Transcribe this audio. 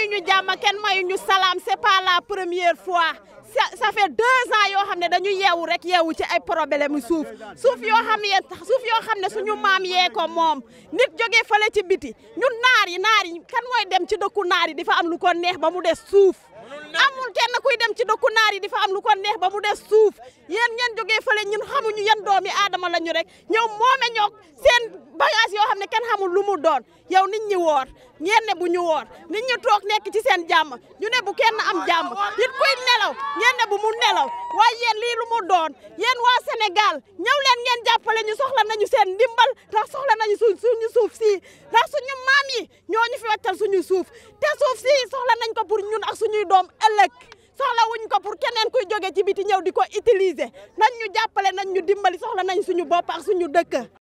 mayuñu jàmm kenn mayuñu salaam c'est pas la première fois ça fait deux ans yoo xam ne dañu yeewu rek yeewu ci ay problème suuf suuf yoo xam ne suuf yoo xam ne suñu maam yee ko moom nit jógee fële ci biti ñun naar yi naar yi kan mooy dem ci dëkku naar yi di fa am lu ko neex ba mu des suuf amul kenn kuy dem ci dokku naar yi di fa am lu ko neex ba mu des suuf yéen ngeen jógee fële ñun xamuñu yan doomi aadama lañu rek ñëw moome ñoo ne kenn xamul lu mu doon yow nit ñi woor ngeen bu ñu woor nit ñi toog nekk ci seen jàmm ñu ne bu kenn am jàmm nit kuy nelaw ngeen bu mu nelaw waaye yéen lii lu mu doon yéen waa Sénégal ñëw leen ngeen jàppale ñu soxla nañu seen ndimbal ndax soxla nañu suñ suñu suuf si ndax suñu maam yi ñoo ñu fi wàccal suñu suuf te suuf si soxla nañ ko pour ñun ak suñuy doom ëllëg soxla wuñ ko pour keneen kuy joge ci biti ñëw di ko utiliser nañ ñu jàppale nañ ñu dimbali soxla nañ suñu bopp ak suñu dëkk